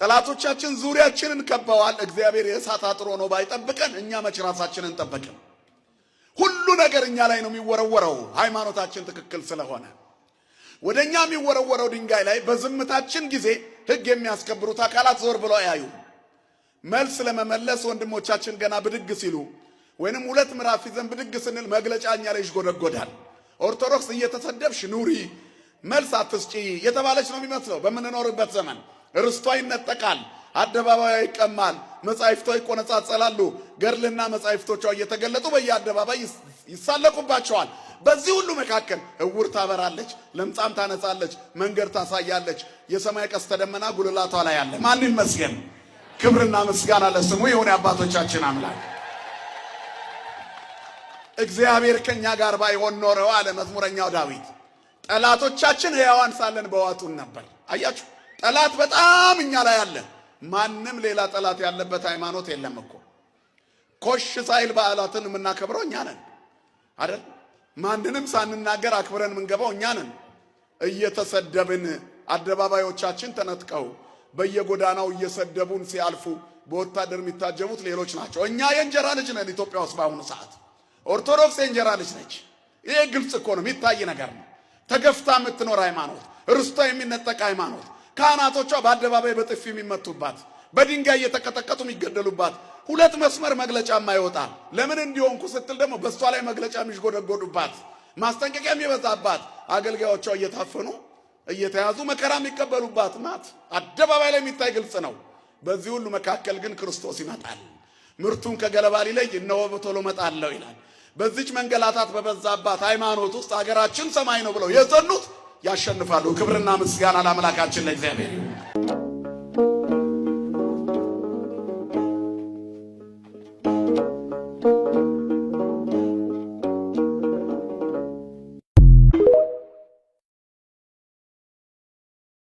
ጠላቶቻችን ዙሪያችንን ከበዋል። እግዚአብሔር የእሳት አጥሮ ነው ባይጠብቀን፣ እኛ መች ራሳችንን ጠበቅን? ሁሉ ነገር እኛ ላይ ነው የሚወረወረው። ሃይማኖታችን ትክክል ስለሆነ ወደ እኛ የሚወረወረው ድንጋይ ላይ በዝምታችን ጊዜ ሕግ የሚያስከብሩት አካላት ዞር ብለው ያዩ። መልስ ለመመለስ ወንድሞቻችን ገና ብድግ ሲሉ ወይንም ሁለት ምዕራፍ ይዘን ብድግ ስንል መግለጫ እኛ ላይ ይጎደጎዳል። ኦርቶዶክስ እየተሰደብሽ ኑሪ መልስ አትስጪ የተባለች ነው የሚመስለው በምንኖርበት ዘመን ርስቷ ይነጠቃል፣ አደባባዩ ይቀማል፣ መጻሕፍቷ ይቆነጻጸላሉ፣ ገድልና መጻሕፍቶቿ እየተገለጡ በየአደባባይ ይሳለቁባቸዋል። በዚህ ሁሉ መካከል እውር ታበራለች፣ ለምጻም ታነጻለች፣ መንገድ ታሳያለች። የሰማይ ቀስተ ደመና ጉልላቷ ላይ አለ። ማን ይመስገን? ክብርና ምስጋና ለስሙ ይሁን። አባቶቻችን አምላክ እግዚአብሔር ከኛ ጋር ባይሆን ኖረው አለ መዝሙረኛው ዳዊት፣ ጠላቶቻችን ሕያዋን ሳለን በዋጡን ነበር። አያችሁ ጠላት በጣም እኛ ላይ አለ። ማንም ሌላ ጠላት ያለበት ሃይማኖት የለም እኮ። ኮሽ ሳይል በዓላትን የምናከብረው እኛ ነን አይደል? ማንንም ሳንናገር አክብረን የምንገባው እኛ ነን። እየተሰደብን አደባባዮቻችን ተነጥቀው በየጎዳናው እየሰደቡን ሲያልፉ በወታደር የሚታጀቡት ሌሎች ናቸው። እኛ የእንጀራ ልጅ ነን። ኢትዮጵያ ውስጥ በአሁኑ ሰዓት ኦርቶዶክስ የእንጀራ ልጅ ነች። ይሄ ግልጽ እኮ ነው፣ የሚታይ ነገር ነው። ተገፍታ የምትኖር ሃይማኖት፣ ርስቷ የሚነጠቅ ሃይማኖት ካህናቶቿ በአደባባይ በጥፊ የሚመቱባት፣ በድንጋይ እየተቀጠቀጡ የሚገደሉባት፣ ሁለት መስመር መግለጫ ማይወጣ ለምን እንዲሆንኩ ስትል ደግሞ በእሷ ላይ መግለጫ የሚሽጎደጎዱባት፣ ማስጠንቀቂያ የሚበዛባት፣ አገልጋዮቿ እየታፈኑ እየተያዙ መከራ የሚቀበሉባት ናት። አደባባይ ላይ የሚታይ ግልጽ ነው። በዚህ ሁሉ መካከል ግን ክርስቶስ ይመጣል፣ ምርቱን ከገለባ ሊለይ እነሆ በቶሎ እመጣለሁ ይላል። በዚች መንገላታት በበዛባት ሃይማኖት ውስጥ አገራችን ሰማይ ነው ብለው የዘኑት ያሸንፋሉ። ክብርና ምስጋና ለአምላካችን ለእግዚአብሔር